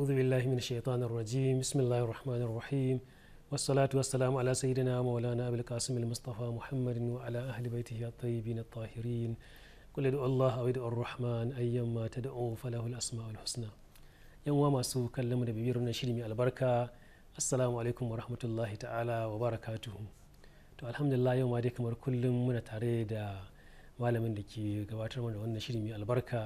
a'udhu billahi min shaitanir rajim bismillahir rahmanir rahim wassalatu wassalamu ala sayyidina maulana abul qasim al mustafa muhammadin ala ahli baitihi at-tayyibin at-tahirin qul adu allah aw adu ar-rahman ayyamma tad'u falahu al asma'ul yan wa masu kallon da bibiyar na shiri mai albarka assalamu alaikum wa rahmatullahi ta'ala wa barakatuhu to alhamdulillah yau ma dai kamar kullum na tare da malamin da ke gabatar da wannan shiri mai albarka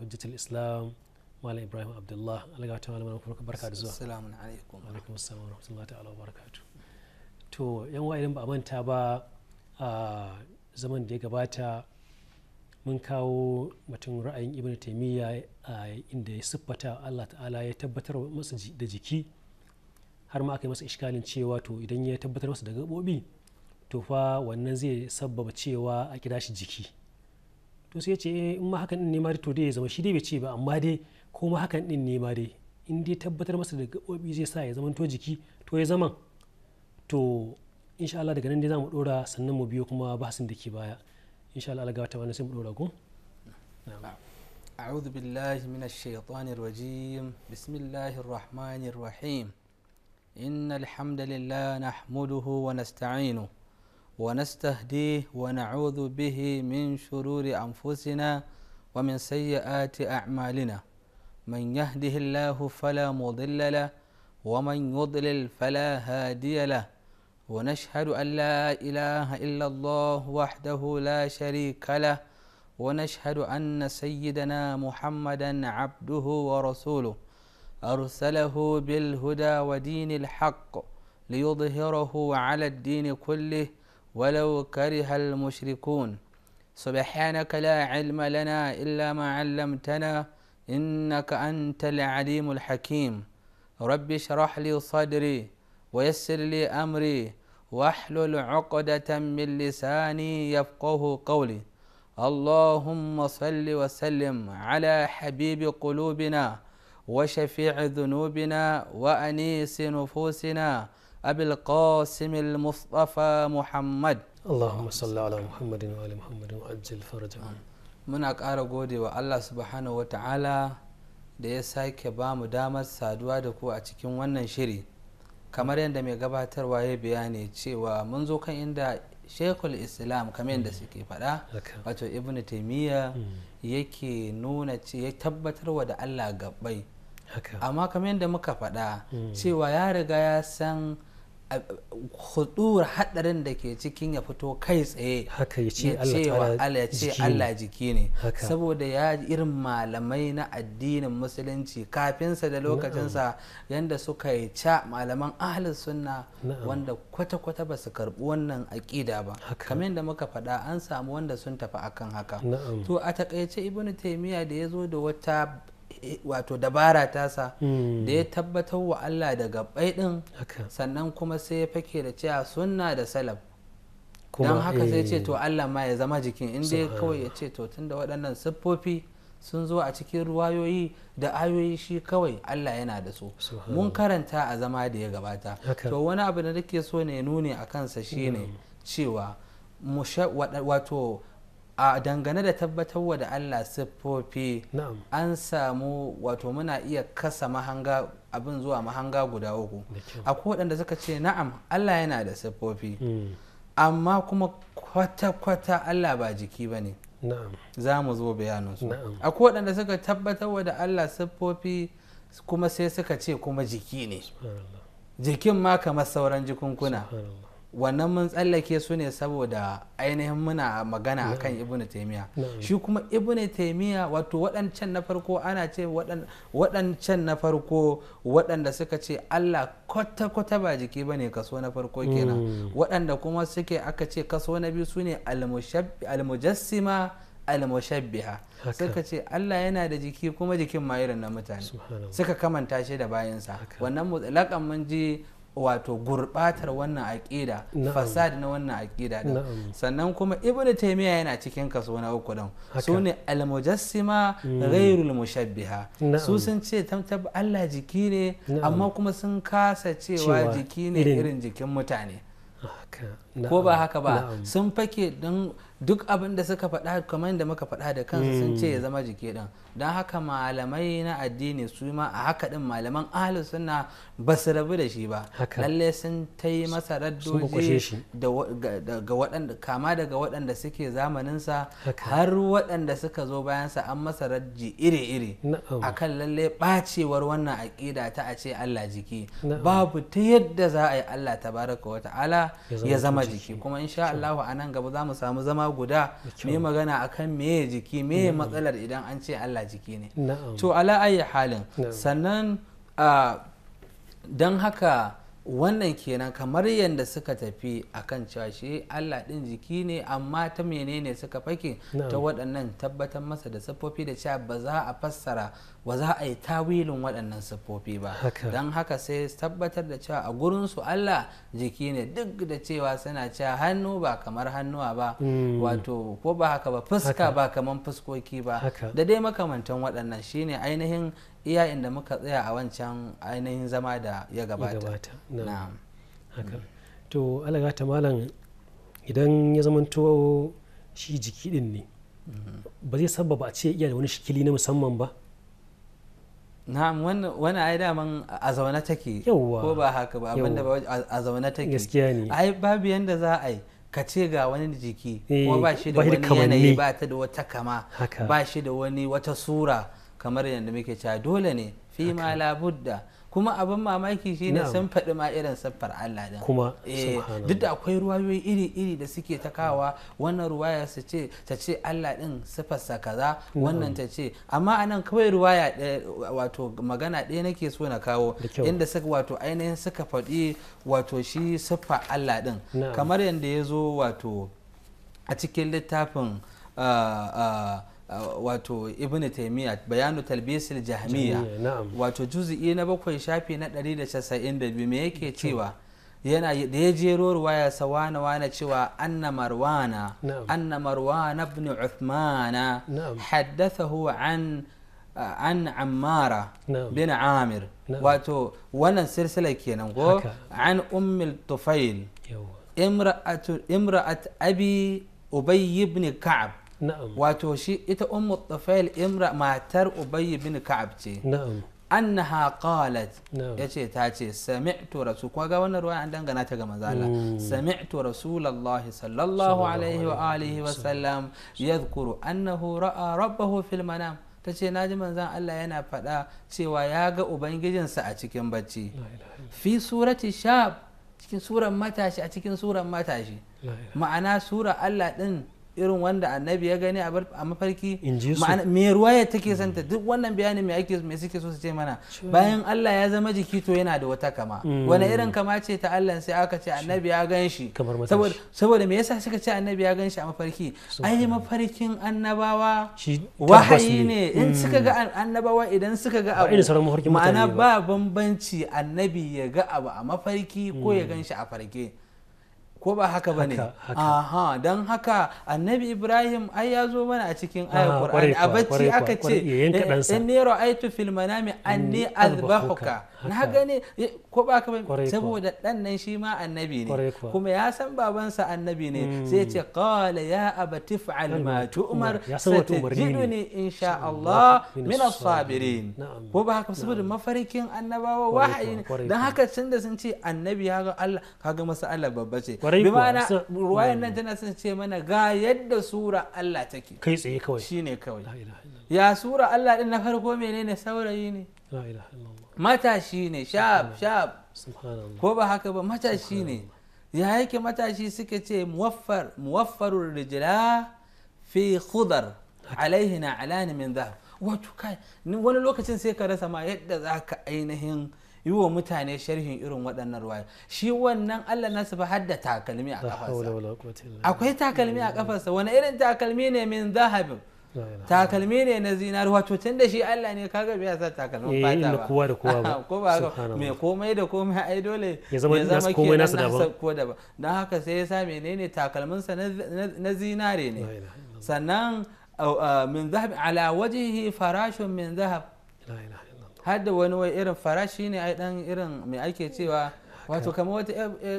hujjatul islam malam ibrahim abdullah alaga ta malam kuma barka da zuwa assalamu alaikum wa alaikum wa rahmatullahi ta'ala wa to yan wa idan ba manta ba a zaman da ya gabata mun kawo mutum ra'ayin ibn taimiyya inda ya siffata allah ta'ala ya tabbatar masa da jiki har ma aka yi masa iskalin cewa to idan ya tabbatar masa da gabobi to fa wannan zai sabbaba cewa a kira shi jiki to sai ce eh, in ma hakan din ne ma to dai ya zama shi dai bai ce ba amma dai ko ma hakan din ne ma dai in dai tabbatar masa da gabobi zai sa ya zama to jiki to ya zama to insha Allah daga nan dai za mu dora sannan mu biyo kuma ba da ke baya insha Allah Allah ta wani sai mu dora ko أعوذ بالله من الشيطان الرجيم بسم الله الرحمن الرحيم إن الحمد لله نحمده ونستعينه ونستهديه ونعوذ به من شرور أنفسنا ومن سيئات أعمالنا من يهده الله فلا مضل له ومن يضلل فلا هادي له ونشهد أن لا إله إلا الله وحده لا شريك له ونشهد أن سيدنا محمدا عبده ورسوله أرسله بالهدى ودين الحق ليظهره على الدين كله ولو كره المشركون سبحانك لا علم لنا إلا ما علمتنا إنك أنت العليم الحكيم رب اشرح لي صدري ويسر لي أمري واحلل عقدة من لساني يفقه قولي اللهم صل وسلم على حبيب قلوبنا وشفيع ذنوبنا وأنيس نفوسنا أبي القاسم المصطفى محمد اللهم صل على محمد وآل محمد وعجل فرجهم muna kara gode wa Allah subhanahu da ya sake ba mu damar saduwa da ku a cikin wannan shiri kamar yadda mai gabatarwa ya bayani cewa mun zo kan inda shekul islam kamar yadda mm. suke faɗa wato ibn taimiyya mm. yake nuna ce ya tabbatarwa da Allah gabbai amma kamar yadda muka faɗa mm. cewa ya riga ya san hudur hadarin da ke cikin ya fito kai tsaye haka ya ce Allah jiki ne saboda ya irin malamai na addinin musulunci kafinsa da lokacinsa yadda suka yi ca malaman ahalin sunna wanda kwata-kwata ba su karbi wannan aƙida ba kamar da muka faɗa an samu wanda sun tafi akan haka to a taƙaice ibnu taimiyya da ya zo da wata wato dabara tasa hmm. da ya tabbatar wa Allah daga gabbai din sannan kuma sai ya fake da cewa sunna da salaf don haka sai ce eh. to Allah ma ya zama jikin inda ya kawai ya ce to tunda waɗannan siffofi sun zo a cikin ruwayoyi da ayoyi shi kawai Allah yana da su mun karanta a zama da ya gabata to wani abu da nake so ne nuni a kansa shine hmm. cewa wato a dangane da tabbatarwa da Allah siffofi an samu wato muna iya kasa mahanga abin zuwa mahanga guda uku akwai waɗanda suka ce na'am Allah yana da siffofi mm. amma kuma kwata-kwata Allah ba jiki ba ne za mu zo bayaninsu akwai waɗanda suka tabbatarwa da Allah siffofi kuma sai suka ce kuma jiki ne jikin ma kamar sauran jikunkuna wannan mun tsallake su ne saboda ainihin muna magana akan mm. ibn taimiya mm. shi kuma ibn taimiya wato waɗancan na farko ana ce waɗancan na farko waɗanda suka ce allah kwata-kwata ba jiki ba ne kaso na farko kenan mm. waɗanda kuma suke aka ce kaso na biyu su ne almujassima almushabbiha suka ce Allah yana da jiki kuma jikin ma irin na mutane suka kamanta shi da bayansa wannan mutsalakan mun ji wato gurbatar wannan aƙida fasad na wannan aƙida din sannan kuma ibn taymiya yana cikin kaso na uku din su ne almujassima hmm. ghairul mushabbiha su sun ce tamtab Allah jiki ne amma kuma sun kasa cewa jiki ne irin jikin mutane ko ba haka ba sun fake don duk abin da suka faɗa kamar da muka faɗa da kansu sun hmm. ce ya zama jiki ɗin don haka malamai na addini su ma a haka din malaman ahli suna ba su rabu da shi ba lalle sun ta yi masa raddoji daga waɗanda kama daga waɗanda suke zamaninsa har waɗanda suka zo bayansa an masa raddi iri-iri akan lalle ɓacewar wannan aƙida ta a ce Allah jiki babu ta yadda za a yi Allah tabaraka wa ta'ala ya zama jiki kuma insha Allah a nan gaba za mu samu zama guda mai magana akan meye jiki me matsalar idan an ce Allah a jiki ne to ala ayi halin sannan ah, don haka wannan kenan kamar yadda suka tafi akan cewa shi Allah din jiki ne amma ta menene suka fake ta waɗannan tabbatar masa da siffofi da cewa ba za a fassara ba za a yi tawilin waɗannan siffofi ba don haka sai tabbatar da cewa a gurinsu Allah jiki ne duk da cewa suna cewa hannu ba kamar hannuwa ba mm. wato ko ba haka ba fuska ba kamar fuskoki ba da dai makamantan waɗannan shine ainihin iya inda muka tsaya a wancan ainihin zama da ya gabata na. haka to alaga ta malam idan ya zamanto shi jiki din ne mhm. ba zai sababa a ce iya da wani shikili na musamman ba na'am wani ai daman a zaune take ko ba haka ba abinda da a zaune take gaskiya ne ai babu yanda za a yi ka ce ga wani jiki ko eh, ba shi da wani yanayi ba ta da wata kama ba shi da wani wata sura kamar yadda muke cewa dole ne fi ma labudda kuma abin mamaki ne sun faɗi ma irin siffar Allah din kuma eh, duk da akwai ruwayoyi iri-iri da suke ta wannan ruwaya su ce ta ce Allah din siffarsa kaza wannan ta ce amma anan kawai ruwaya wato magana ɗaya nake so na kawo inda suka wato ainihin suka faɗi wato shi siffar Allah din kamar yadda ya zo wato a cikin littafin uh, wato ibn taymiya bayanu talbis talbisil jahmiya wato juzi'i na bakwai shafi na 192 me yake cewa yana da ya jero ruwaya sawana wana cewa anna marwana anna marwana ibn uthmana haddathahu an an ammara bin amir wato wannan silsila kenan ko an ummil tufail امرأة أبي أبي بن كعب wato shi ita ummu tafail imra matar ubayy bin ka'ab ce annaha qalat yace ta ce sami'tu rasul ko ga wannan ruwa an dangana ta ga mazala hmm. sami'tu rasulullahi sallallahu alaihi wa alihi wa sallam yadhkuru annahu ra'a rabbahu fil manam ta ce na ji manzan Allah yana faɗa cewa ya ga ubangijinsa a cikin bacci fi surati shab cikin suran matashi a cikin suran matashi ma'ana sura Allah ɗin irin wanda annabi ya gani a mafarki me ruwaya take santa duk wannan bayanin me ake me suke so su ce mana bayan Allah ya zama jiki to yana da wata kama mm. wani irin kama ce ta Allah sai aka ce annabi ya gan shi saboda me yasa suka ce annabi ya gan shi a mafarki ai mafarkin annabawa wahayi ne in mm. suka ga annabawa idan suka ga abu ma'ana ba bambanci annabi ya ga abu a mafarki ko ya mm. gan shi a farke ko ba haka ba ne aha don haka annabi ibrahim ai ya zo mana a cikin ah, ayar qur'ani a bacci aka ce in nero aitu fil manami anni azbahuka na gani eh, ko ba ka saboda dan nan shi ma annabi ne kuma ya san babansa annabi ne hmm. sai ce qala ya abati fa'al ma tu'mar satajiduni insha Allah min as-sabirin ko ba ka saboda mafarkin annabawa wahayi dan haka tunda sun ce annabi ya ga Allah kaga masa Allah babba ce bi ma'ana ruwayan hmm. nan tana sun ce mana ga yadda sura Allah take kai tsaye kawai shine kawai ya sura Allah din na farko menene saurayi ne la ilaha matashi ne shab shab ko ba haka ba matashi ne ya yake matashi suka ce muwaffar muwaffarur rijla fi khudar alaihi na alani min zahab wato kai wani lokacin sai ka rasa ma yadda za ka ainihin yi wa mutane sharhin irin waɗannan ruwaya shi wannan allah na ba hadda takalmi a kafarsa akwai takalmi a kafarsa wani irin takalmi ne min zahabin takalmi ne na zinari wato tun da shi Allah ne kaga bai sa takalmin eh, fata ba kowa da kowa ba ko ba me komai da komai ai dole ya zama nasa komai nasu daban ko da ba don haka sai ya sa menene takalmin sa na zinare ne sannan min zahab ala wajhihi farashun min zahab hadda wani wai irin farashi ne ai dan irin me ake cewa wato kamar wata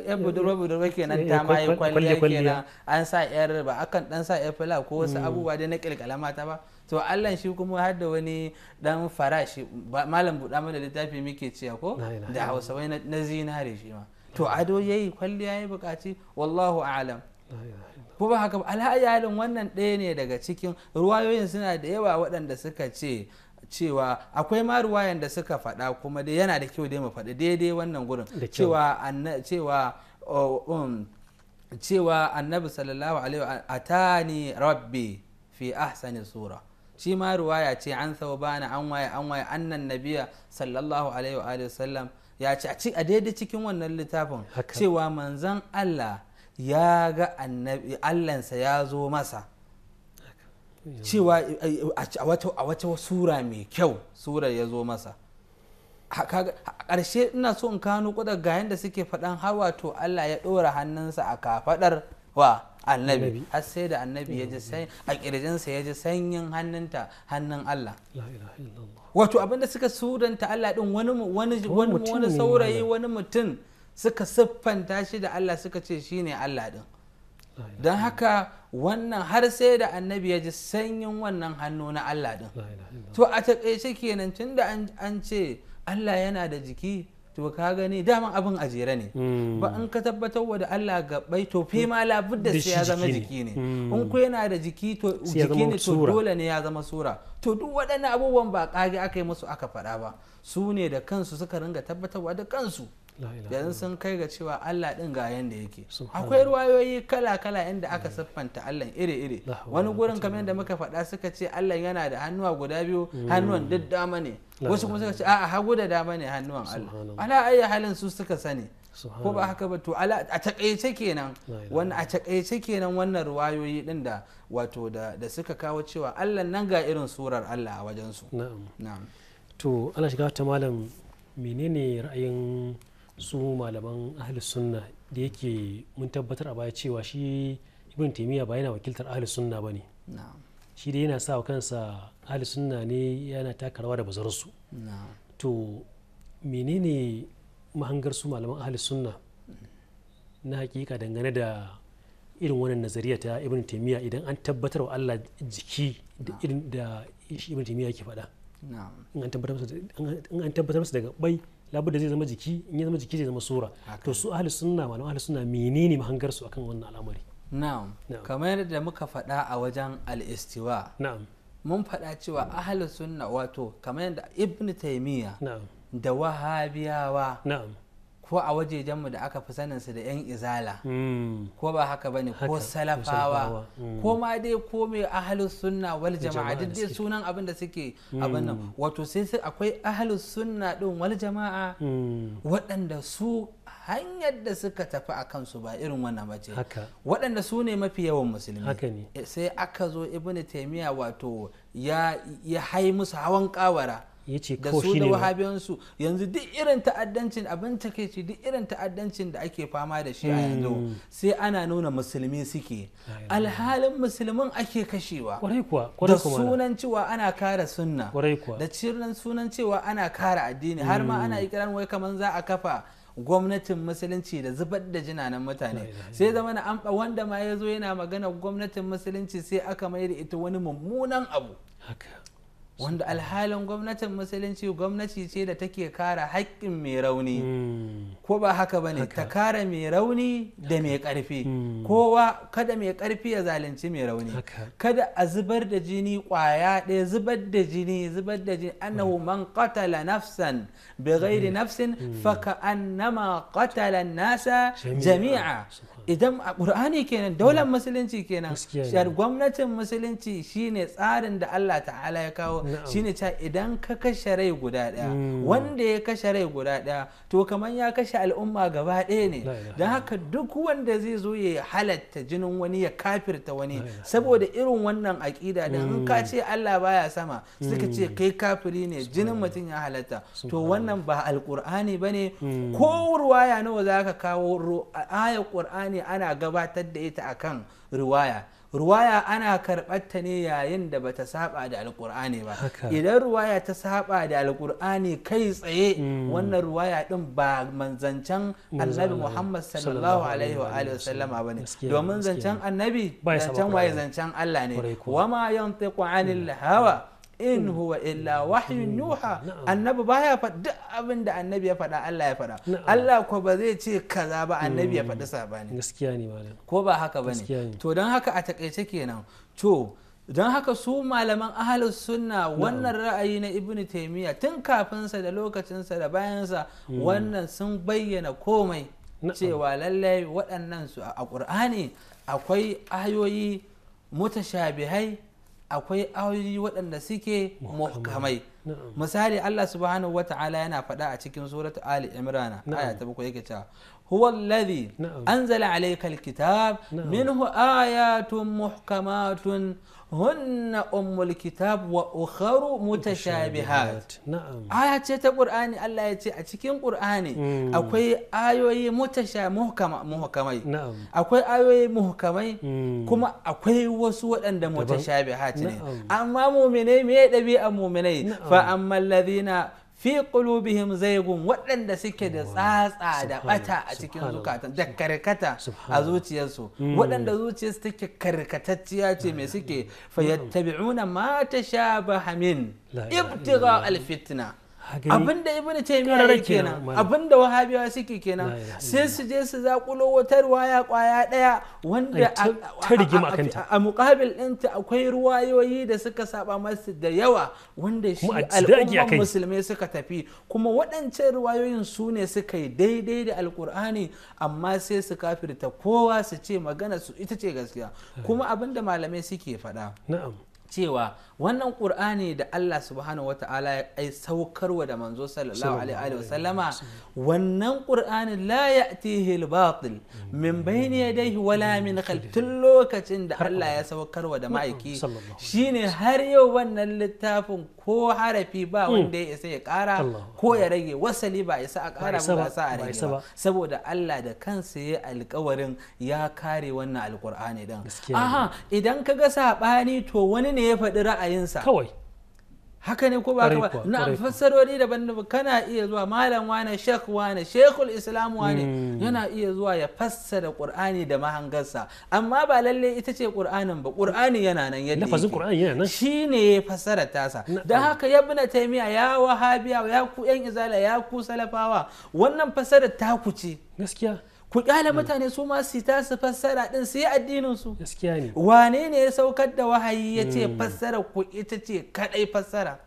yan budurwa budurwa kenan ta ma yi kwalliya nan an sa yar ba akan dan sa yar fila ko wasu hmm. abubuwa dai na kilkala mata ba to allan shi kuma har da wani dan farashi malam buɗa mana littafi muke ciya ko da hausa wai na zinare shi ma to ado yayi kwalliya ya bukaci wallahu a'lam ko ba haka ba alhayalin wannan ɗaya ne daga cikin ruwayoyin suna da yawa waɗanda suka ce cewa akwai maruwayan da suka faɗa kuma dai yana da kyau dai mu faɗi daidai wannan gurin cewa cewa um, cewa annabi sallallahu alaihi wa atani rabbi fi ahsani sura shi ma ruwaya ce an bana an waye an waye annan nabiya sallallahu alaihi wa sallam ya ce a daidai cikin wannan littafin cewa manzon Allah ya ga annabi Allahnsa ya zo masa cewa eh, eh, a wata sura mai kyau sura ya zo masa a ƙarshe ina so in kano kudar ga yadda suke faɗan har wato Allah ya ɗora hannunsa a kafaɗar wa annabi har sai da annabi ya ji sai a kirjinsa ya ji sanyin hannunta hannun Allah wato abinda suka suranta Allah din wani saurayi wani mutum suka siffanta shi da Allah suka ce shine Allah din don haka wannan har sai da annabi ya ji sanyin wannan hannu na Allah din to a taƙaice kenan tun da an ce Allah yana da jiki to ka gani daman abin a jere ne hmm. ba in ka tabbatar da Allah gabai to fi ma labudda sai ya zama jiki ne hmm. in ku yana da jiki to jiki ne to dole ne ya zama sura to duk waɗannan abubuwan ba kage aka yi musu aka faɗa ba su ne da kansu suka ringa tabbatarwa da kansu yanzu sun kai ga cewa Allah din ga yanda yake akwai ruwayoyi kala-kala inda aka siffanta Allah iri-iri wani gurin kamar yadda muka faɗa suka ce Allah yana da hannuwa guda biyu mm. hannuwan duk dama ne wasu kuma suka ce a'a hagu da dama ne hannuwan Allah ala ayi halin su suka sani ko ba haka ba to a takaice kenan wannan a takaice kenan wannan ruwayoyi din da wato da suka kawo cewa Allah nan ga irin surar Allah a wajen su na'am to Allah shiga ta malam menene ra'ayin su malaman ahlus sunna da yake mun tabbatar a baya cewa shi ibn taimiyya ba yana wakiltar ahlus sunna ba ne shi da yana sa kansa ahlus sunna ne yana taka rawa da bazararsu to menene mahangar su malaman ahlus sunna na hakika dangane da irin wannan nazariya ta ibn taimiyya idan an tabbatar wa Allah jiki da irin da ibn taimiyya yake faɗa in an tabbatar masa daga bai labudda zai zama jiki in ya zama jiki zai zama sura to su ahli sunna malaman ahli sunna menene mahangar su akan wannan al'amari na'am kamar yadda muka faɗa a wajen al-istiwa na'am mun faɗa cewa ahli sunna wato kamar yadda ibn taymiya da wahabiyawa na'am ko a mu da aka fi saninsu da 'yan izala hmm. ko ba haka bane ko salafawa hmm. ko ma dai ko mai ahalus sunna wal jama'a duk dai sunan abin da suke hmm. abin nan wato sai sai akwai ahalus sunna din wal jama'a waɗanda su hanyar da suka tafi a kansu ba irin wannan mace waɗanda su ne mafi yawan musulmi sai aka zo ibn taimiyya wato ya hai musu hawan kawara ya ce da su da yanzu duk irin ta'addancin abin takaici duk irin ta'addancin da ake fama da shi a hmm. yanzu sai ana nuna musulmi suke alhalin musulmin ake kashewa da sunan cewa ana kara sunna da cirin sunan cewa ana kara addini har ma ana hmm. ikiran wai kamar za a kafa gwamnatin musulunci da zubar da jinanan mutane sai zama na amfa wanda ma ya zo yana magana gwamnatin musulunci sai aka mai da ita wani mummunan abu wanda alhalin gwamnatin musulunci gwamnati ce da take kara haƙƙin mai rauni hmm. ko ba haka ba ne ta kara mai rauni da mai ƙarfi hmm. kowa kada mai ƙarfi ya zalunci mai rauni kada a zubar da jini ƙwaya ɗaya zubar da jini zubar da jini hmm. annahu man qatala nafsan bi ghairi nafsin fa ka annama qatala nasa jami'a idan a ƙur'ani kenan daular musulunci kenan gwamnatin musulunci shine tsarin da Allah ta'ala ya kawo shine cewa idan ka kashe rai guda daya hmm. wanda ya kashe rai guda daya to kamar ya kashe al'umma gaba ɗaya ne don haka duk wanda zai zo ya halatta jinin wani ya kafirta wani saboda irin wannan aƙida da in ka hmm. ce Allah baya sama suka ce hmm. kai kafiri ne jinin mutum ya halatta to wannan ba alƙur'ani bane ko ruwaya nawa za ka kawo ayar ƙur'ani ana gabatar da ita akan Ruwaya. ruwaya ana karɓar ta ne yayin da bata saba da alkur'ani ba idan ruwaya ta saba da alkur'ani kai tsaye mm. wannan ruwaya din ba manzancan annabi muhammad sallallahu alaihi wa alihi wasallama ba ne domin zancen annabi zancen waye zancen allah ne wama yantiqu anil mm. hawa in huwa illa wahyun yuha annabi baya faɗa duk abin da annabi ya faɗa Allah ya faɗa Allah ko ba zai ce kaza ba annabi ya faɗi sabani gaskiya ne malam ko ba haka bane to don haka a takaice kenan to don haka su malaman ahlus sunna wannan ra'ayi na ibn taimiyya tun kafinsa da lokacinsa da bayansa wannan sun bayyana komai cewa lallai waɗannan su a ƙur'ani akwai ayoyi mutashabihai akwai ayoyi waɗanda suke muhkamai misali Allah subhanahu wata'ala yana faɗa a cikin suratu Ali Imran aya ta bakwai yake cewa هو الذي نعم. أنزل عليك الكتاب نعم. منه آيات محكمات هن أم الكتاب وأخر متشابهات نعم آيات القرآن الله يتي أتكين قرآني أكوي آيوي متشا محكمة محكمي نعم أكوي آيوي محكمي كما أكوي وسوء عند متشابهات نعم. أما مؤمنين ميت بي أم مؤمنين نعم. فأما الذين fi qulubihim zaygun waɗanda suke da tsatsa da bata a cikin zukatan da karkata a zuciyarsu mm. waɗanda zuciyarsu take karkatacciya ce mai suke mata mm. ma tashabaha min ibtigha alfitna Abin da ibn taymiya yake kenan da wahabiyawa suke kenan sai su je su zakulo wata ruwaya kwaya daya wanda a muqabil ɗinta akwai ruwayoyi da suka saba masu da yawa wanda shi al'ummar musulmai suka tafi kuma waɗancan ruwayoyin su ne suka yi daidai da alkur'ani amma sai su kafirta kowa su ce magana su ita ce gaskiya kuma abin da malamai suke faɗa cewa wannan qur'ani da Allah subhanahu ta'ala ya saukarwa da manzo sallallahu alaihi wa sallama wannan qur'ani la ya'tihi al-batil mm. min bayni yadayhi wala min khalfi mm. tun lokacin da Allah ya saukarwa da mm. ma'aiki shine har yau wannan littafin ko harafi ba wanda ya isa ya kara ko ya rage wasali ba sa a kara ba sa a rage ba saboda Allah da kansa ya alkawarin ya kare wannan alqur'ani din aha idan ga sabani to wani ne ya faɗi ra'ayi ra'ayinsa kawai haka ne ko ba ka ba na fassarori daban daban kana iya zuwa malam wane shekh wane shekul islam wane hmm. yana iya zuwa ya fassara qur'ani da mahangarsa amma ba lalle ita ce qur'anin ba qur'ani yana nan yadda lafazin qur'ani yana nan shine fassara tasa dan haka ya ibn taymiya ya wahabiya ya ku yan izala ya ku salafawa wannan fassara ta ku ce gaskiya ku kyale mm. mutane su ma su ta su fassara din su yi addinin su gaskiya ne wane ne ya saukar da wahayi ya ce mm. fassara ku ita ce kadai fassara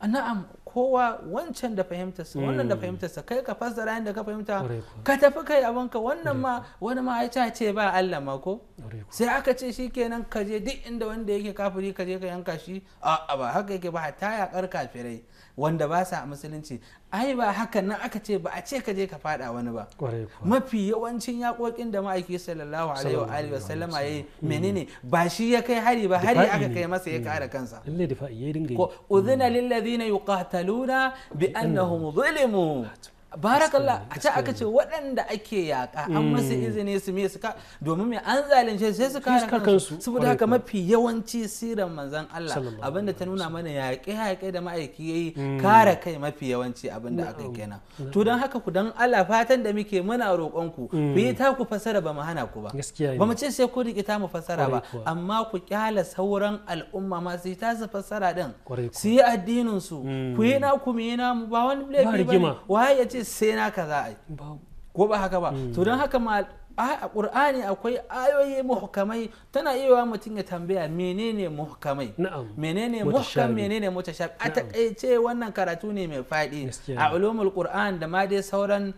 na'am kowa wancan da fahimtarsa wannan da mm. fahimtarsa kai ka fassara yadda ka fahimta ka tafi kai abinka wannan ma wani ma ya ce ba Allah ma ko sai aka ce shi kenan ka je duk inda wanda yake kafiri ka je ka yanka shi a ba haka yake ba hatta ya karka kafirai wanda ba sa musulunci ai ba haka nan aka ce ba a ce ka je ka fada wani ba mafi yawancin yakokin da ma'aiki sallallahu alaihi wa alihi wasallama yayi mm. menene ba shi ya kai hari ba hari aka kai masa ya mm. kare kansa lalle difa'i yayi dinga ko udhina mm. lil yuqataluna bi annahum zulimu ah, barakallah a ce aka ce waɗanda ake yaƙa an mm. masu izini su me su ka domin me an zalunce sai su kare kansu saboda haka mafi yawanci siran manzon Allah abinda ta nuna mana yaƙe yaƙe da ma'aiki yayi mm. kare kai mafi yawanci abinda aka kenan to don haka ku dan Allah fatan da muke muna roƙon ku ku mm. yi ta ku fasara ba mu hana ku ba ba mu ce sai ku riƙe ta mu fasara ba amma ku kyala sauran al'umma ma su yi ta su fasara din su yi addinin su ku yi na ku mu na mu ba wani laifi ba waye ya ce ce sai na kaza a ko ba haka ba to don haka ma a ƙur'ani akwai ayoyi muhkamai tana iya mutum ya tambaya menene muhkamai menene muhkam menene mutashab a takaice wannan karatu ne mai faɗi a ulumul qur'an da ma dai sauran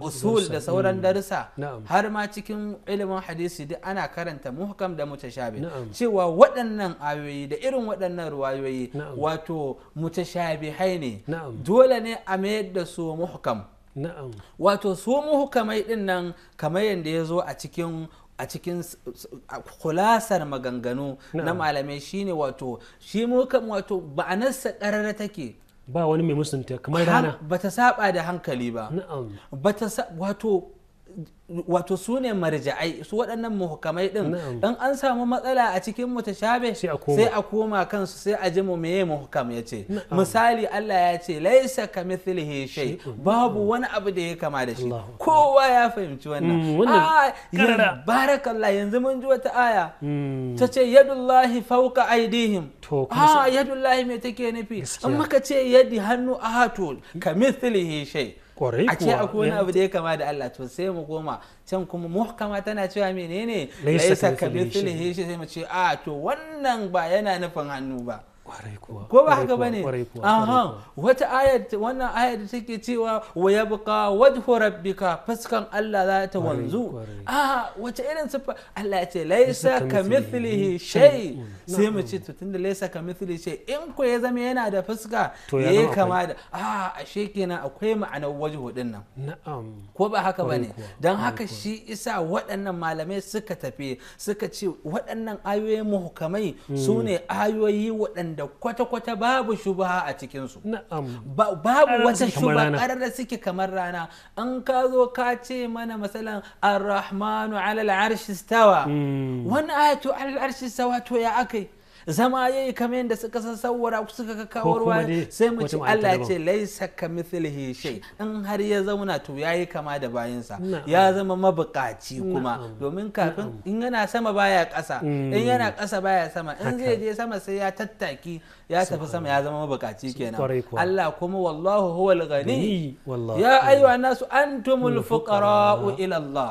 usul da sauran darussa har ma cikin ilimin hadisi duk ana karanta muhkam da mutashabi cewa waɗannan ayoyi da irin waɗannan ruwayoyi wato mutashabi ne dole ne a mayar da su muhkam wato su muhkamai din nan kamar yadda ya zo a cikin a cikin kulasar maganganu na malamai shine wato shi muhkam wato ba'anarsa ƙarara take ba wani mai musunta kamar rana bata saba da hankali ba wato wato su ne marja'ai su waɗannan muhukamai ɗin In an samu matsala a cikin mutashabe sai a koma kansu sai a ji mu meye muhukam ya ce misali Allah ya ce laisa ka mithlihi shay babu wani abu da ya kama da shi kowa ya fahimci wannan mm, a barakallah yanzu mun ji wata aya mm. ta ce yadullahi fawqa aidihim a yadullahi me take nufi in muka ce yadi hannu a to ka mithlihi shay kwarai a ce akwai wani eh. abu da ya kama da Allah to sai mu goma can kuma muhkama tana cewa menene laisa kabithlihi sai mu ce a ah, to wannan ba yana nufin hannu ba ko ba haka aha wata ayat wannan ayar da take cewa wa buka wajhu rabbika fuskan Allah za ta wanzu a wace irin sifa Allah ya ce laisa kamithlihi shay sai mu ce to tunda laisa kamithlihi shay in ko ya zama yana da fuska yi kama da a ashe kenan akwai ma'anar wajhu din nan na'am ko ba haka bane dan haka shi isa waɗannan malamai suka tafi suka ce waɗannan ayoyi muhkamai mm. su ne ayoyi waɗanda da kwata-kwata babu shubaha a cikinsu babu wata shuba ƙarar suke kamar rana an ka zo ka ce mana masalan arrahmanu alal arshi stawa hmm. wani ayatu alal arshi stawa to ya akai zama ya yi kamar yadda suka san saura suka kawo ruwa sai mu ci Allah ce laisa ka mithlihi shay in har ya zauna to ya yi kama da bayansa ya zama mabukaci kuma domin kafin in yana sama baya ƙasa in hmm. yana ƙasa baya sama in zai je sama sai ya tattaki ya tafi sama ya zama mabukaci kenan Allah kuma wallahu huwal ghani ya ayyuhan nasu antumul fuqara'u ila Allah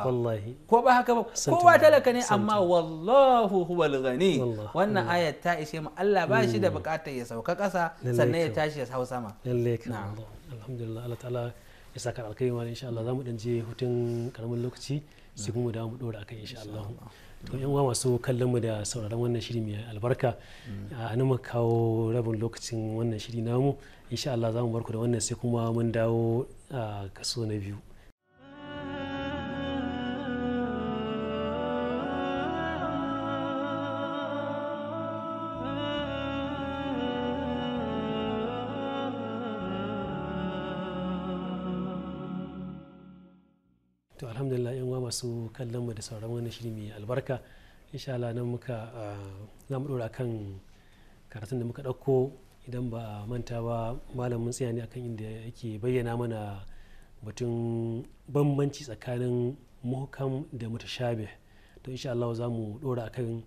ko ba haka ba kowa talaka ne amma wallahu huwal ghani wannan hmm. ayat ta ishe mu Allah ba shi da hmm. bukatar ya sauka kasa sannan ya tashi ya hau sama lalle kan alhamdulillah Allah ta'ala ya saka alkaima wani insha Allah zamu dan je hutun karamin lokaci sai kuma da mu dora akan insha Allah to yan uwa masu kallon mu da sauraron wannan shiri mai albarka hmm. a mu kawo rabin lokacin wannan shiri namu insha Allah zamu barku da wannan sai kuma mun dawo kaso na biyu masu kallon mu da sauran wani shiri mai albarka insha Allah nan muka ah, za mu dora kan karatun da muka ɗauko idan ba manta ba malamin tsaya ne akan inda yake bayyana mana batun bambanci tsakanin muhkam da mutashabih to insha Allah za mu dora akan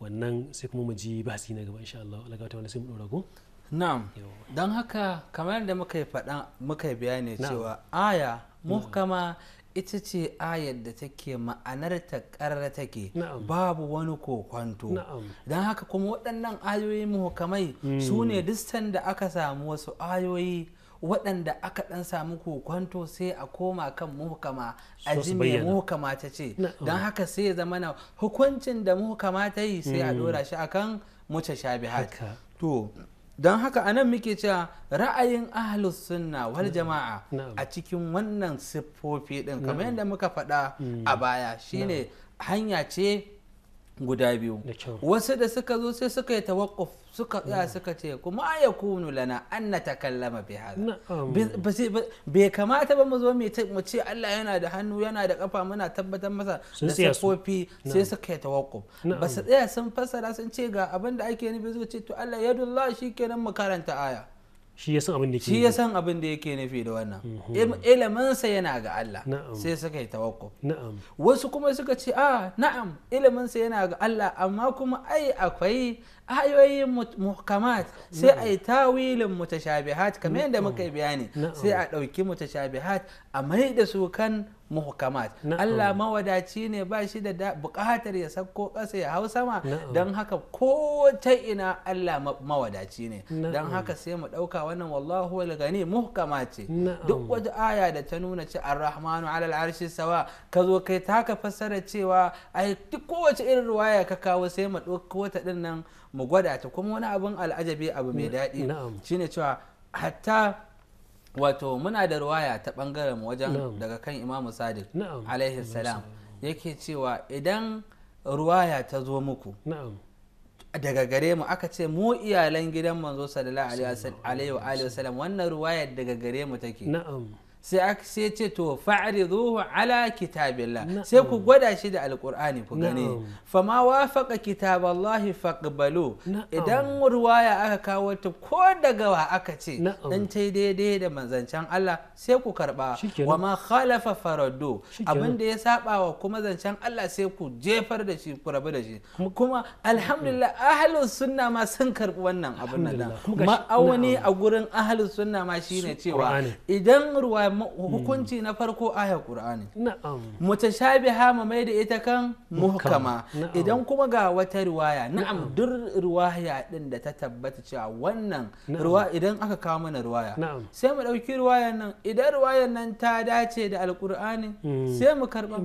wannan sai kuma mu ji basi na gaba insha Allah Allah ta wani sai mu dora go na'am don haka kamar da muka yi faɗa muka bayani cewa aya muhkama ita ce ayar da take ma'anarta ƙarra take babu wani kokwanto don haka kuma waɗannan ayoyi muhukamai hmm. su ne distan da aka samu wasu ayoyi waɗanda aka ɗan samu kokwanto sai a koma kan muhukama a ji mai muhukama ta ce don haka sai zama na hukuncin da muhukama ta yi sai a dora hmm. shi akan mutashabihat to don haka anan muke cewa ra'ayin ahlus sunna wal jama'a a cikin wannan siffofi din kamar yadda muka faɗa a mm. baya shine hanya ce guda biyu wasu da suka zo sai suka yi tawakkuf suka tsaya mm. suka ce kuma ya kunu lana an na takallama bi bai kamata ba mu zo mu ce Allah yana da hannu yana da kafa muna tabbatar masa da sakofi sai suka yi ba su tsaya sun fassara sun ce ga abin da ake nufi suka ce to Allah yadullah shikenan mu karanta aya shi ya san abin da ke shi ya san abin da yake nufi da wannan mhm. iliminsa yana ga Allah sai suka yi tawakkuf wasu kuma suka ce a ah, na'am iliminsa yana ga Allah amma kuma ai akwai ayoyin muhkamat sai mm. a yi tawilin mutashabihat kamar yadda muka yi bayani sai a ɗauki mutashabihat a mai da su kan muhkamat Allah mawadaci ne ba shi da buƙatar ya sako ƙasa ya hau sama don haka ko ta ina Allah mawadaci ne don haka sai mu ɗauka wannan wallahu gani muhkama ce duk wata aya da ta nuna ce ar-rahmanu alal arshi sawa ka zo kai taka fassara cewa ai duk kowace irin ruwaya ka kawo sai mu ɗauko ta ɗin nan mu gwada ta kuma wani abin al'ajabi abu mai mm, daɗi shine cewa hatta wato muna da ruwaya ta ɓangaren wajen daga kan imamu sadiq alaihi salam yake cewa idan ruwaya ta zo muku daga gare mu aka ce mu iyalan gidan manzo sallallahu alaihi wa sallam wannan ruwayar daga gare mu take na'am sai aka sai ce to fa'riduhu ala kitabillah sai ku gwada shi da alkur'ani ku gane fama wafaqa kitaballahi faqbalu idan ruwaya aka kawo ta ko daga wa aka ce dan tai daidai da manzancan Allah sai ku karba wa ma khalafa faraddu abin da ya saba wa kuma zancen Allah sai ku jefar da shi ku rabu da shi kuma alhamdulillah ahlus sunna ma sun karbi wannan abin nan ma'auni a gurin ahlus sunna ma shine cewa idan ruwaya Hmm. hukunci na farko aya qur'ani shabi mu mai da ita kan muhkama idan kuma ga wata riwaya na'am dur riwaya din da ta tabbata cewa wannan ruwa idan aka kawo mana riwaya sai mu dauki ruwayan nan idan ruwayan nan ta dace da alƙur'ani hmm. sai mu karba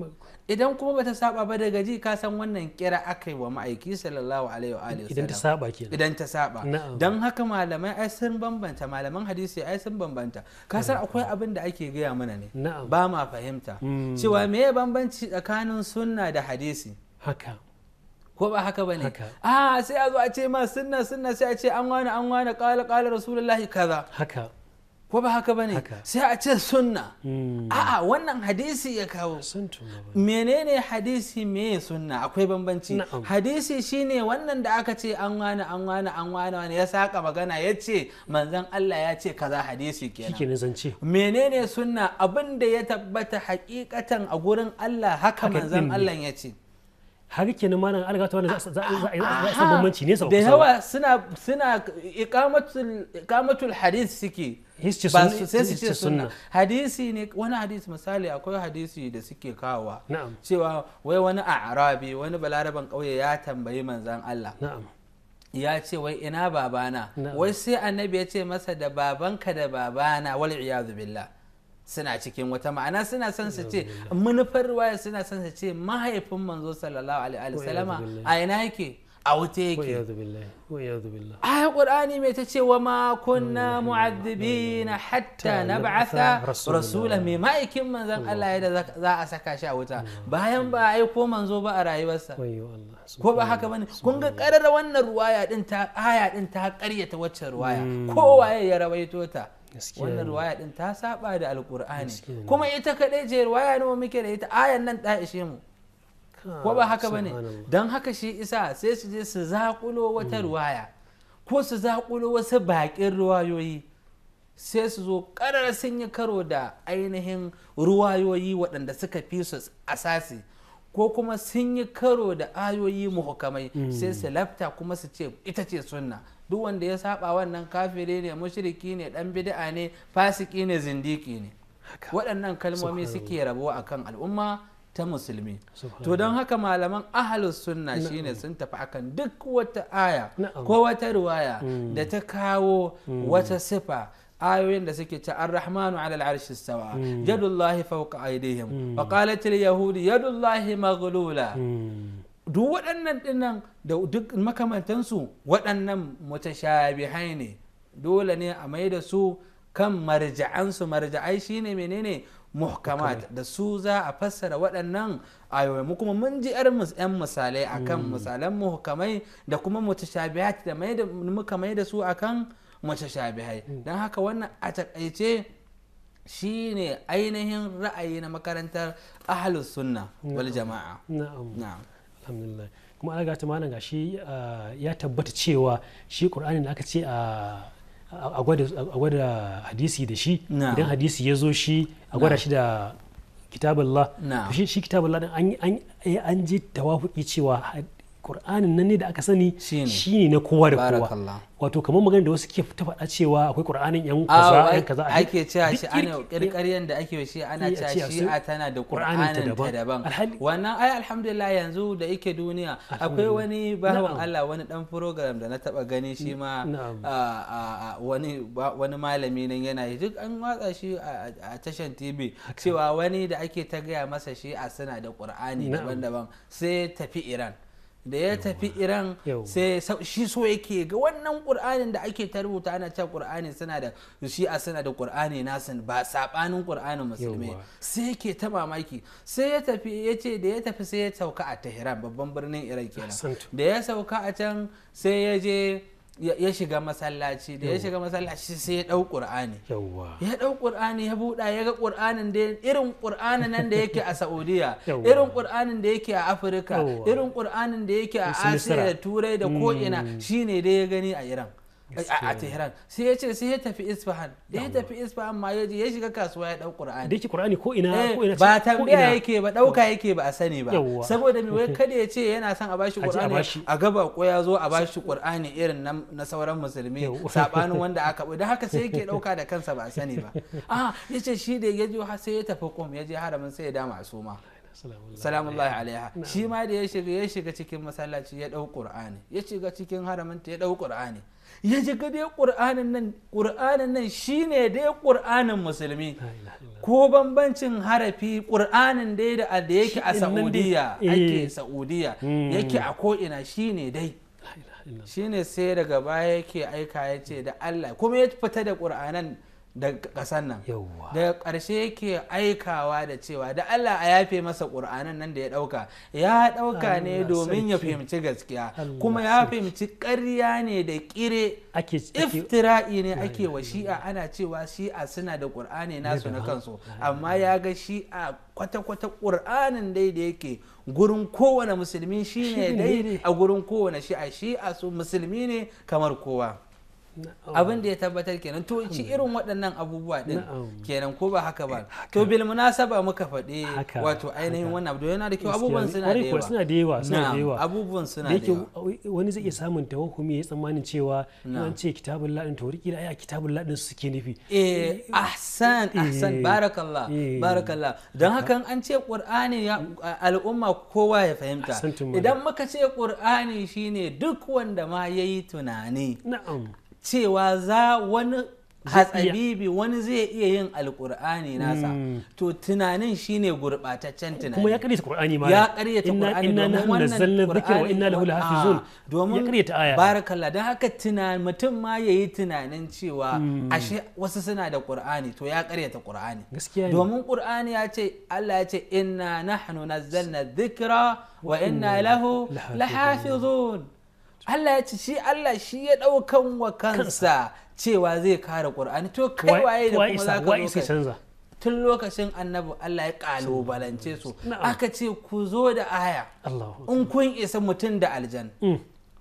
idan kuma bata saba ba daga ji ka san wannan kira aka yi wa ma'aiki sallallahu alaihi wa alihi idan ta saba kenan idan ta saba dan haka malamai ai sun bambanta malaman hadisi ai sun bambanta ka san akwai abin da ake gaya mana ne ba ma fahimta hmm. cewa ya bambanci tsakanin sunna da hadisi haka ko ba haka bane a ah, sai a zo a ce ma sunna sunna sai a ce an wani an wani qala qala rasulullahi kaza haka ko ba haka bane sai a ce sunna hmm. a'a wannan hadisi ya kawo menene hadisi me sunna akwai bambanci hadisi shine wannan da aka ce an wani an wani an wani wani ya saka magana ya ce manzon Allah ya ce kaza hadisi kenan menene sunna abin da ya tabbata hakikatan a gurin Allah haka manzon Allah ya ce har kenan ma nan alga wani za a san bambanci ne da yawa suna ikamatul iqamatul hadith suke hisci sunna hadisi ne wani hadisi misali akwai hadisi da suke kawowa cewa wai wani arabi wani balaraban kauye ya tambayi manzan Allah ya ce wai ina babana wai sai annabi ya ce masa da babanka da babana wal iyadu billah suna cikin wata ma'ana suna son su ce manufar ruwaya suna son su ce mahaifin manzo sallallahu alaihi wasallama a ina yake a wuta yake aya qur'ani mai ta ce wa ma kunna na hatta nab'atha rasula mai ma'aikin manzon Allah ya da za a saka shi a wuta bayan ba aiko manzo ba a rayuwarsa ko ba haka bane kun ga karar wannan ruwaya din ta aya din ta karyata waccan ruwaya hmm. kowaye ya rawaito ta wannan ruwaya din ta saba da Alƙur'ani kuma ita kaɗai je ruwaya ne muke da ita ayan nan ta ishe mu ko ba haka bane don haka shi isa sai su je su zaƙulo wata hmm. ruwaya ko su zaƙulo wasu baƙin ruwayoyi sai su zo ƙarar sun yi karo da ainihin ruwayoyi waɗanda suka fi su asasi ko kuma sun yi karo da ayoyi muhukamai hmm. sai su lafta kuma su ce ita ce sunna duk wanda ya saba wannan kafire ne mushriki ne dan bid'a ne fasiki ne zindiki ne waɗannan kalmomi suke rabuwa akan al'umma ta musulmi to don haka malaman ahalus sunna shine sun tafi akan duk wata aya ko wata riwaya mm. da ta kawo mm. wata sifa ayoyin da suke ta ar-rahmanu ala al-arshi sawa mm. yadullahi fawqa aydihim wa qalat al yadullahi maghlula duk waɗannan dinnan da duk makamantansu waɗannan mutashabihai ne dole ne a mai da su kan marja'ansu marja'ai shine menene muhkamat da su za a fassara waɗannan ayoyi mu kuma mun ji yan misalai akan mm. misalan muhkamai da kuma mutashabihat da muka mai da su akan mutashabihai mm. don haka wannan a takaice shine ainihin ra'ayi na makarantar ahalus sunna wal jama'a na'am alhamdulillah kuma ga ta ga shi ah, ya tabbata cewa shi qur'ani da aka ce a ah, a gwada hadisi da shi idan hadisi ya zo shi a gwada shi da kitabullah shi kitabullah an je tawafuki cewa qur'anin nan ne da aka sani shine na kowa da kowa wato kamar magana da wasu ke ta faɗa cewa akwai qur'anin yan ah, kaza yan kaza ake cewa shi ana kirkiryan da ake shi ana cewa shi a tana da qur'anin ta daban wannan ai alhamdulillah yanzu da yake duniya akwai wani bawan Allah wani dan program da na taba gani shi ma wani wani malami nan yana yi duk an watsa shi a tashan TV cewa wani da ake ta gaya masa shi a sana da qur'ani daban-daban sai tafi Iran da ya tafi iran sai shi so yake ga wannan qur'anin da ake ta rubuta ana cewa qur'ani suna da shi a suna da qur'ani nasin ba sabanin qur'anin musulmi sai yake ta mamaki sai ya tafi ya ce da ya tafi sai ya sauka a tehran babban birnin iran kenan da ya sauka a can sai ya je ya shiga masallaci da ya shiga masallaci sai ya dau qur'ani ya dau qur'ani ya buɗa ya ga qur'anin da irin qur'anin nan da yake a saudiya irin qur'anin da yake a afirka irin qur'anin da yake a asiya da turai da ko ina mm. shine dai ya gani a iran a Tehran sai ya ce sai ya tafi Isfahan da ya tafi Isfahan ma ya ya shiga kasuwa ya dau Qur'ani da yake Qur'ani ko ina eh, ko ina ba tambaya yake ba dauka yake ba a sani ba saboda me wai kada ya ce yana son a bashi Qur'ani a gaba ko ya zo a bashi Qur'ani irin na sauran musulmi sabanin wanda aka bi da haka sai yake dauka da kansa ba a sani ba a ah, yace shi da ya ha sai ya tafi Qum ya je haramin sai ya dama asuma salamullahi alaiha shi ma da ya shiga ya shiga cikin masallaci ya dau qur'ani ya shiga cikin haraminta ya dau qur'ani ya ji dai ƙur'anin nan ƙur'anin nan shine dai ƙur'anin musulmi ko bambancin harafi ƙur'anin dai da da yake a saudiya eh. ake saudiya hmm. yake a ko'ina shi ne dai shi ne sai daga baya yake aika ya ce da allah kuma ya fita da ƙur'anan daga ƙasar nan da ƙarshe yake aikawa da cewa da Allah a yafe masa ƙur'anan nan da ya ɗauka ya ɗauka ne domin ya fahimci gaskiya kuma ya fahimci ƙarya ne da ƙire iftira'i ne ake wa shi'a ana cewa shi'a suna da ƙur'ani nasu na kansu amma ya ga shi'a kwata-kwata ƙur'anin dai da yake gurin kowane musulmi shine dai a gurin kowane shi'a shi'a su musulmi ne kamar kowa abin da ya tabbatar kenan to shi irin waɗannan abubuwa din kenan ko ba haka ba to bil munasaba muka faɗe wato ainihin wannan abu yana da kyau abubuwan suna da yawa suna da yawa suna da yawa abubuwan suna da yawa wani zai iya samun tawahumi ya tsammanin cewa an ce kitabul ladin to riki ai kitabul ladin suke nufi eh ahsan eh. ahsan barakallah eh. barakallah dan hakan an ce qur'ani al'umma kowa ya fahimta idan muka ce qur'ani shine duk wanda ma yayi tunani na'am cewa za wani hatsabibi wani zai iya yin alkur'ani nasa hmm. to tunanin shine gurbataccen tunani kuma ya karyata qur'ani ma ya karyata qur'ani domin wannan qur'ani wa inna lahu lahafizun ah, domin ya karyata aya barakallah dan haka tunan mutum ma yayi tunanin cewa hmm. ashe wasu suna da qur'ani to ya karyata qur'ani gaskiya ne. domin qur'ani ya ce Allah ya ce inna nahnu nazzalna dhikra wa inna lahu lahafizun Allah ya shi Allah shi ya ɗaukan wa kansa cewa zai kare ƙur'ani to kai waye tun lokacin annabi Allah ya ƙalubalance su aka ce ku zo da aya in kun isa mutum da aljan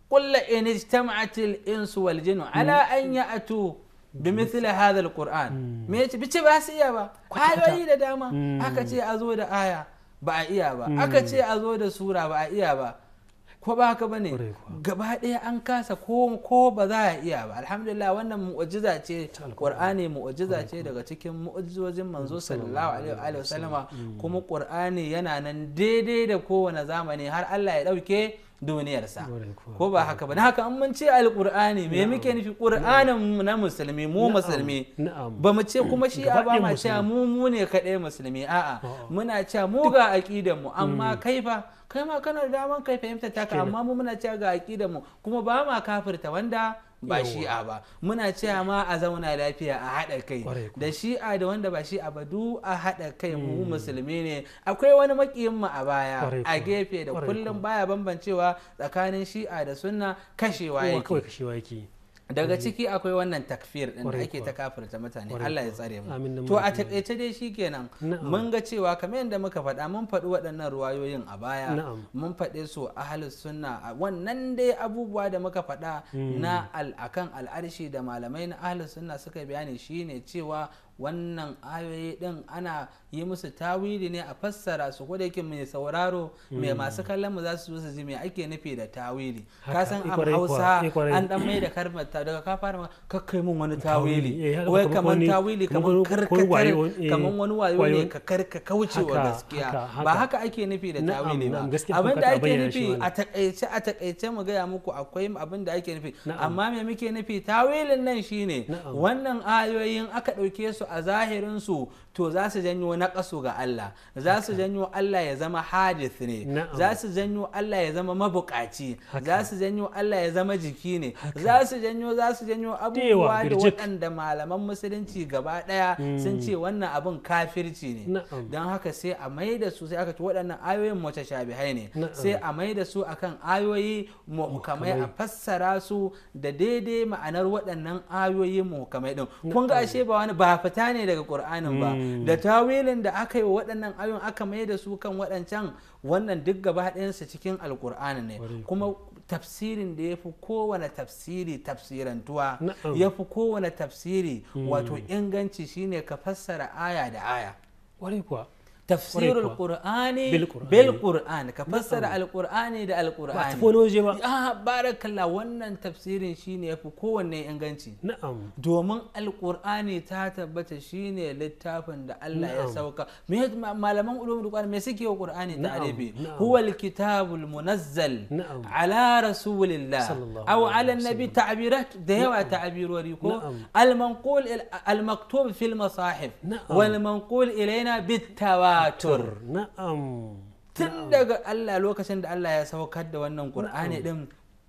kulla mm. in ijtama'atil insu wal jinnu mm. ala an ya'tu bi mithli hadha bice mm. ba su iya ba ayoyi da dama aka ce a zo da aya ba a iya ba aka ce a zo da sura ba a iya ba ko ba haka bane gaba ɗaya an kasa ko ko ba za a iya ba alhamdulillah wannan mu'jiza ce qur'ani mu'jiza ce daga cikin mu'jizojin manzo sallallahu alaihi wa sallama mm. kuma qur'ani yana nan daidai da kowane zamani har Allah ya dauke duniyarsa ko ba haka ba haka an mun ce alkur'ani me muke nufi qur'anin na musulmi mu musulmi ba mu ce kuma shi ba ma cewa mu mu ne kadai musulmi a'a muna cewa mu ga aqidan mu amma hmm. kai fa kai ma kana da daman kai fahimta taka amma mu muna cewa ga aqidan mu kuma ba ma kafirta wanda ba shi'a ba muna cewa ma a zauna lafiya a haɗa kai da shi'a da wanda ba shi'a ba du a haɗa kai mu hmm. musulmi ne akwai wani makiyin mu a baya a gefe da kullum baya bambancewa tsakanin shi'a da sunna kashewa yake daga ciki akwai wannan takfir ɗin da ake ta kafirta mutane Allah ya tsare mu to a takaice dai shikenan mun ga cewa kamar yadda muka faɗa mun faɗi waɗannan ruwayoyin a baya mun faɗe su halin sunna wannan dai abubuwa da muka faɗa hmm. na akan al'arshi da malamai na halin sunna suka bayani shine cewa wannan ayoyi din ana yi musu tawili ne a fassara su ko da yake mai sauraro mai masu kallon mu za su zo su ji me ake nufi da tawili ka san eh, am Hausa eh, an dan mai da karmar ta daga ka fara ka kai mun wani tawili eh, wai kamar tawili kamar karkatar kamar wani wayo ne ka karka kauce wa gaskiya ba haka ake nufi da tawili ba abin da ake nufi a takaice a takaice mu gaya muku akwai abin da ake nufi amma me muke nufi tawilin nan shine wannan ayoyin aka dauke su a zahirin su to za su janyo wani naƙasu ga Allah za su janyo Allah ya zama hadith ne za su janyo Allah ya zama mabukaci za su janyo Allah ya zama jiki ne za su janyo za su janyo abubuwa da waɗanda malaman musulunci gaba ɗaya sun mm. ce wannan abin kafirci ne don haka sai a mai da su sai aka ci waɗannan ayoyin mace shabihai ne sai a mai da su akan ayoyi muhkamai a fassara su da daidai ma'anar waɗannan ayoyi muhkamai din kun ga ashe ba wani ba fita ne daga ƙur'anin ba mm. da tawilin dalilin da aka yi wa waɗannan ayon aka mai da su kan waɗancan wannan duk gaba ɗayansa cikin alkur'ani ne kuma tafsirin da ya fi kowane tafsiri tafsirantuwa ya fi kowane tafsiri wato hmm. inganci shine ka fassara aya da aya tafsirul qur'ani bil qur'an ka fassara alqur'ani da alqur'ani ba tafi waje ba ah wannan tafsirin shine yafi kowanne inganci na'am domin alqur'ani ta tabbata shine littafin da Allah ya sauka me malaman ulumul qur'an me suke wa qur'ani ta arabi huwa alkitabul munazzal ala rasulillah aw ala nabi ta'birat da yawa ta'birori ko al manqul al fil masahif wal manqul ilaina bit tur na'am tun daga Allah lokacin da Allah ya saukar da wannan Qur'ani din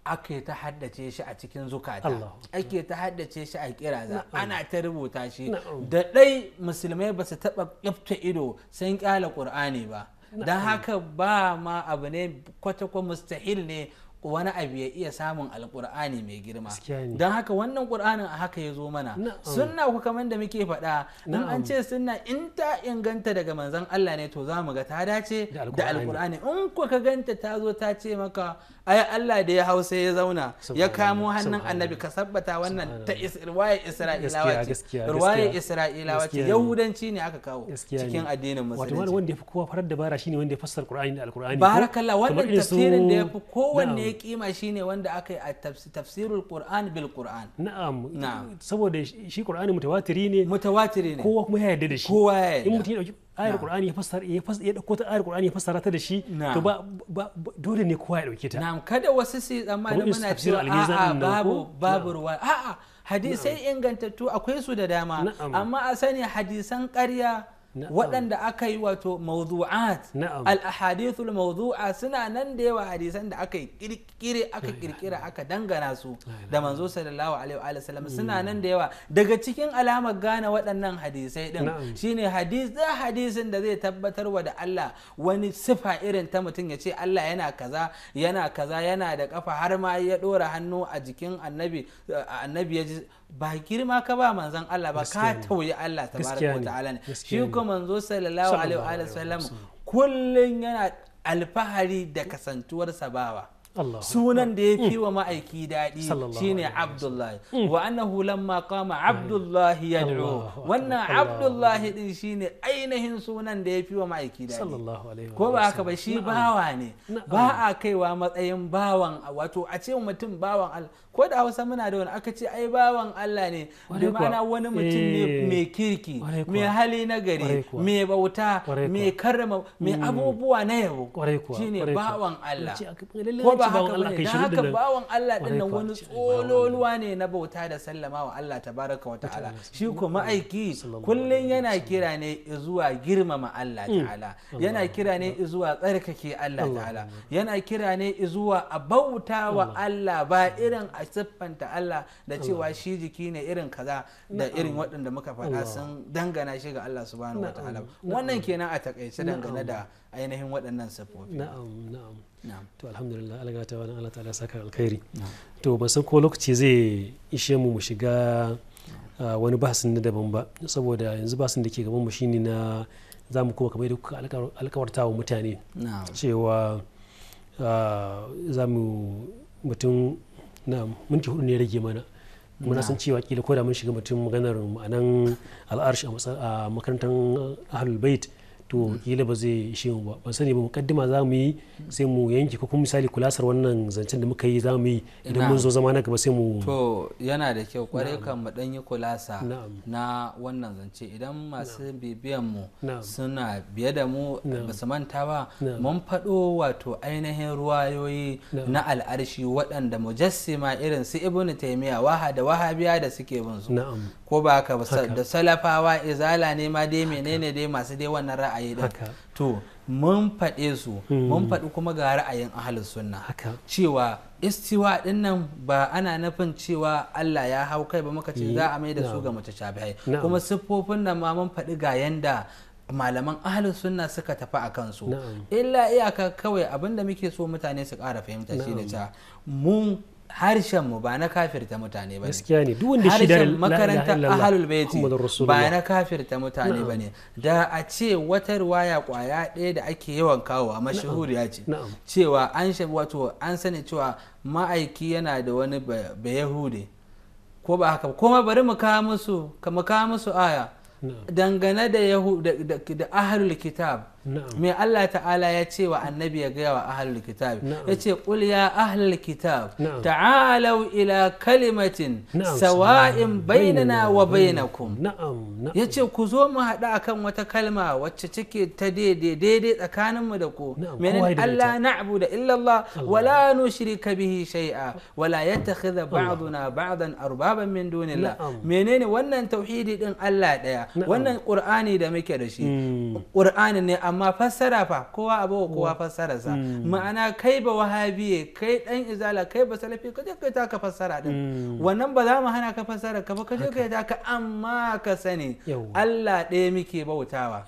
ake ta haddace shi a cikin zukata ake ta haddace shi a kiraza ana ta rubuta shi da dai musulmai ba su taɓa kifta ido sun ƙyala ƙur'ani ba don haka ba ma abu ne kwata kwata mustahil ne wani abu ya iya samun alkur'ani mai girma don haka wannan kur'anin a haka ya zo mana sunna ku kamar da muke faɗa in an ce sunna in ta inganta daga manzon Allah ne to za mu ga ta dace da alkur'ani in ku ka ganta ta zo ta ce maka ai Allah da ya hausa ya zauna ya kamo hannun annabi ka sabbata wannan ta ruwaya isra'ilawa ce ruwaya isra'ilawa ce yahudanci ne aka kawo cikin addinin musulunci wanda ya fi kowa farar dabara shine wanda ya fassara qur'ani da alkur'ani barakallah wannan tafsirin da ya fi kowanne mai kima shine wanda aka yi a tafsirul qur'an bil qur'an na'am saboda shi qur'ani mutawatiri ne mutawatiri ne kowa kuma ya yarda da shi kowa ya yarda in mutum ya dauki ayar qur'ani ya fassara ya fassara ya dauko ta ayar qur'ani ya fassara ta da shi to ba dole ne kowa ya dauke ta na'am kada wasu su tsammanin muna cewa a'a babu babu ruwa a'a hadisai ingantattu akwai su da dama amma a sani hadisan ƙarya waɗanda aka yi wato mawdu'at al-ahadithul mawdu'a suna nan da yawa hadisan da aka kirkire aka kirkira aka dangana su da manzo sallallahu alaihi wa sallam mm. suna nan da yawa daga cikin alamar gane waɗannan hadisai din shine hadis da hadisin da zai tabbatar wa da Allah wani sifa irin ta mutum ya ce Allah yana kaza yana kaza yana da kafa har ma ya dora hannu a jikin annabi annabi ya ji ba girma ka ba manzon Allah ba ka tauye Allah tabaraka wa ta'ala ne shi ga manzo sallallahu alaihi wa sallam kullun yana alfahari da kasantuwar sabawa sunan da ya fi mm. wa ma'aiki daɗi shine abdullahi mm. wa annahu lamma qama abdullahi yad'u wannan abdullahi din shine ainihin sunan da ya fi wa ma'aiki daɗi ko ba haka ba shi bawa ne ba a kaiwa matsayin bawan wato a ce mutum bawan Allah ko da Hausa muna da wani aka ce ai bawan Allah ne da ma'ana wani mutum ne eh. mai kirki mai hali na gari mai bauta mai karrama mai mm. abubuwa na yabo shine bawan Allah ba haka haka bawan Allah din nan wani tsololuwa ne na bauta da sallama wa Allah tabaraka wa ta'ala shi ko ma'aiki kullun yana kira ne zuwa girmama Allah mm. ta'ala yana kira ne zuwa tsarkake Allah ta'ala yana kira ne zuwa a bauta wa Allah ba irin a siffanta Allah da cewa shi jiki ne irin kaza da irin waɗanda muka faɗa sun dangana shi ga Allah subhanahu wa ta'ala wannan kenan a takaice dangane da ainihin waɗannan siffofi na'am na'am to alhamdulillah Allah ta wani Allah ta'ala saka alkhairi to ba san ko lokaci zai ishe mu mu shiga ah, wani bahasin na daban ba saboda yanzu bahasin da ke gaban mu shine na za mu kuma kamar da kuka alkawarta wa mutane cewa ah, za mu mutum na minti hudu ne rage mana muna san cewa kila ko da mun shiga mutum maganar ma'anan al'arshi a makarantar ahlul bait to kila ba zai ishe mu ba ban sani ba mukaddima za mu yi sai mu yanke ko kuma misali kulasar wannan zancen da muka yi za mu yi idan mun zo zama na gaba sai mu to yana da kyau kware kan mu dan yi kulasa na wannan zance idan masu bibiyan mu suna biye da mu ba su manta ba mun faɗo wato ainihin ruwayoyi na al'arshi waɗanda mujassima irin su ibnu taymiya waha da wahabiya da suke bin su ko ba ka da salafawa izala ne ma dai menene dai masu dai wannan ra'ayi ra'ayi to mun faɗe su mun hmm. faɗi kuma ga ra'ayin ahalin sunna cewa istiwa din ba ana nufin cewa Allah ya hau kai ba muka ce za a mai da su ga mace shafi kuma siffofin nan ma mun faɗi ga yanda malaman ahalin sunna suka tafi a kansu illa iyaka kawai abinda muke so mutane su ƙara fahimta shi da ta mun harshen mu ba na kafirta mutane bane ne harshen ba na kafirta mutane bane da a ce wata riwaya kwaya ɗaya da ake yawan kawo kawowa mashahuriya ce cewa an wato an sani cewa ma'aiki yana da wani bayahude ko ba haka kuma bari mu kawo musu aya dangane da ahlul kitab me Allah ta'ala ya ce wa annabi ya gaya wa ahlul kitab ya ce qul ya ahlul kitab ta'alau ila kalimatin sawa'in bainana wa bainakum ya ce ku zo mu haɗu akan wata kalma wacce take ta daidai daidai mu da ku menene Allah na'budu illa Allah wala nushrika bihi shay'a wala yattakhidha ba'duna ba'dan arbaban min dunillah menene wannan tauhidi din Allah daya wannan qur'ani da muke da shi hmm. qur'ani ne amma fassara fa kowa abu kowa fassara sa mm. ma'ana kai ba wahabiye kai dan izala kai ba salafi ka je kai taka fassara din mm. wannan ba za mu hana ka fassara ka ba ka je kai taka amma ka sani Allah ɗaya muke bautawa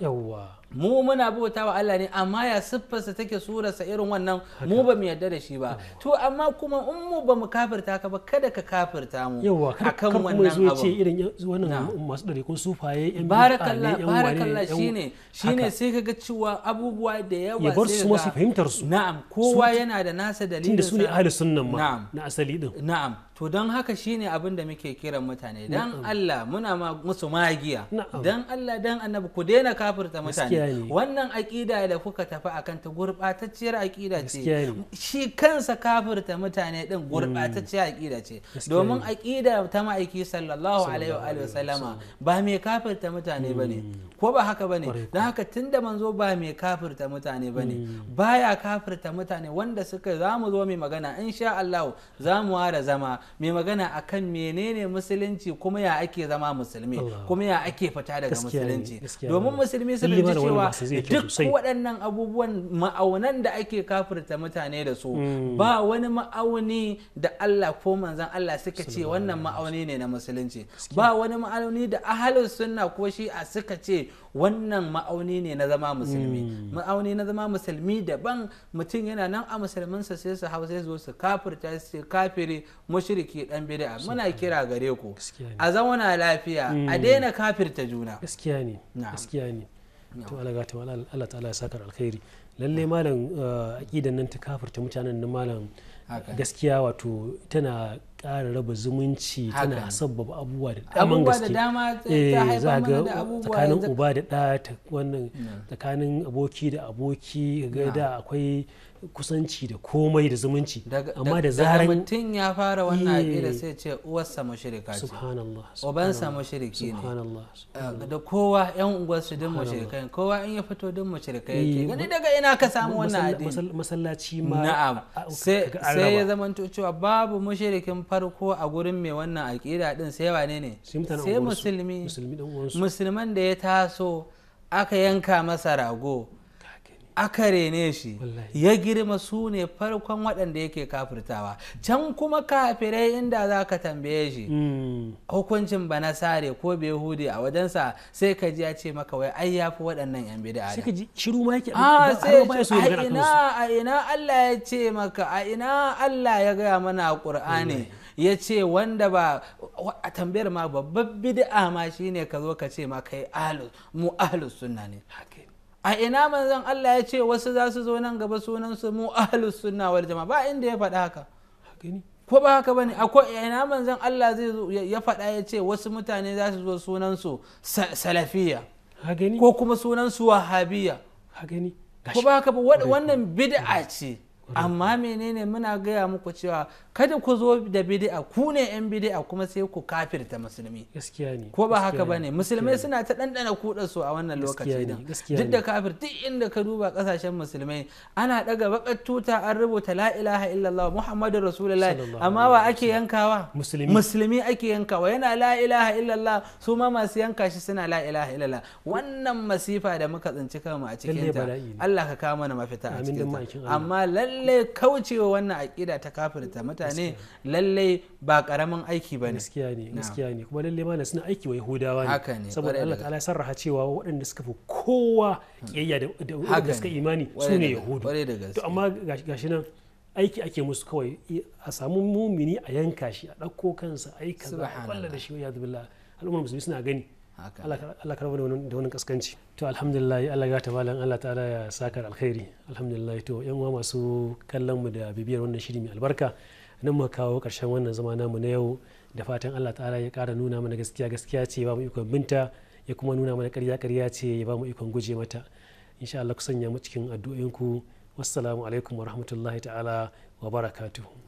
mu muna bauta wa Allah ne amma ya siffarsa take surarsa irin wannan mu ba mu yarda da shi ba to amma kuma in mu ba mu kafirta ka ba kada ka kafirta mu akan wannan abu yawa ce irin wannan masu dare kun sufaye yan barakallah barakallah shine shine sai kaga cewa abubuwa da yawa ya bar su masu fahimtar su na'am kowa yana da nasa dalilin tunda su ne ahli sunnan ma na asali din na'am to don haka shine abin da muke kiran mutane Don Allah muna musu magiya Don Allah don annabi ku daina kafirta mutane wannan aƙida da kuka tafi akan ta gurbatacciyar aƙida ce shi kansa kafirta mutane din mm. gurbatacciyar aƙida ce domin aƙida ta ma'aiki sallallahu alaihi wa sallama ba mai kafirta mutane bane mm. ko ba haka bane don haka tun da manzo ba mai kafirta mutane bane mm. baya kafirta mutane wanda suka zamu zo mai magana insha Allah za mu ware zama mai magana akan menene musulunci kuma ya ake zama musulmi kuma ya ake fita daga musulunci domin musulmi su rinji cewa duk waɗannan abubuwan ma'aunan da ake kafirta mutane da su mm. ba wani ma'auni da Allah ko manzon Allah suka ce wannan ma'auni ne na musulunci ba wani ma'auni da ahalin sunna ko shi a suka ce wannan ma'auni ne na zama musulmi hmm. ma'auni na zama musulmi daban mutum yana nan a musulminsa sai su hau sai zo su kafirta su kafiri mushriki dan bid'a muna kira gare ku a zauna lafiya a hmm. daina kafirta juna gaskiya ne gaskiya ne to Allah ta Allah ta'ala ya saka alkhairi lalle malam uh, aqidan nan ta kafirta mutanen nan malam gaskiya wato tana ƙara raba zumunci tana sabbaba abubuwa da daman gaske eh za ga tsakanin uba da ɗa wannan tsakanin aboki da aboki ga da akwai kusanci da komai da zumunci amma da zaran mutum ya fara wannan eh. aqida sai ce uwarsa mushrika ce subhanallah ubansa mushriki ne eh, da kowa yan uwarsu duk mushrikai kowa in ya fito duk mushrikai yake eh, gani daga ina ka samu wannan addini masallaci ma na'am sai ya zamanto cewa babu mushrikin farko a gurin mai wannan aqida din sai wane ne sai musulmi musulman da ya taso aka yanka masa rago aka rene shi ya girma su ne farkon waɗanda yake kafirtawa can kuma kafirai inda za ka tambaye shi hmm. hukuncin ba na sare ko bai a wajensa sai ka ji ya ce maka wai ai ya fi waɗannan yan bid'a sai ka ji shiru ma yake ah, a ina a ina Allah ya ce maka a ina Allah ya gaya mana ƙur'ani Qur'ani ya ce wanda ba a tambayar ma babbar bid'a ma shine ka zo ka ce ma kai mu ahlus sunna ne a ina manzon Allah ya ce wasu za su zo nan gaba sunan su mu ahlus sunna wal jama'a ba inda ya faɗa haka ko ba haka bane akwai ina manzon Allah zai ya faɗa ya ce wasu mutane za su zo sunan su salafiya ko kuma sunan su wahabiya ko ba haka ba wannan bid'a ce amma menene muna gaya muku cewa kada ku zo da bid'a ku ne yan bid'a kuma sai ku kafirta musulmi gaskiya ne ko ba haka bane musulmai suna ta dandana kudar su a wannan lokaci din duk da kafir duk inda ka duba kasashen musulmai ana daga bakar tuta an rubuta la ilaha illallah muhammadur rasulullah amma wa ake yankawa musulmi musulmi ake yankawa yana la ilaha illallah su ma masu yanka shi suna la ilaha illallah wannan masifa da muka tsinci kanmu a cikin ta Allah ka kawo mana mafita a cikin ta amma lalle lalle kaucewa wannan aƙida ta kafirta mutane lalle ba karamin aiki ne gaskiya ne gaskiya ne kuma lalle malam suna aiki wa yahudawa ne saboda Allah ta'ala sarraha cewa waɗanda suka fi kowa kiyayya da waɗanda suka imani su ne yahudu to amma gashi nan aiki ake musu kawai a samu mumini a yanka shi a ɗauko kansa aika za a kwalla da shi wa yadu billah al'ummar musulmi suna gani Allah karba da wani kaskanci to alhamdulillah Allah ya tabalan Allah ta'ala ya sakar alkhairi alhamdulillah to yan uwa masu kallon mu da bibiyar wannan shiri mai albarka nan muka kawo karshen wannan zama namu na yau da fatan Allah ta'ala ya kara nuna mana gaskiya gaskiya ce ba mu ikon binta ya kuma nuna mana ƙarya ƙarya ce ya ba mu ikon guje mata insha Allah ku sanya mu cikin addu'o'inku wassalamu alaikum wa rahmatullahi ta'ala wa barakatuhu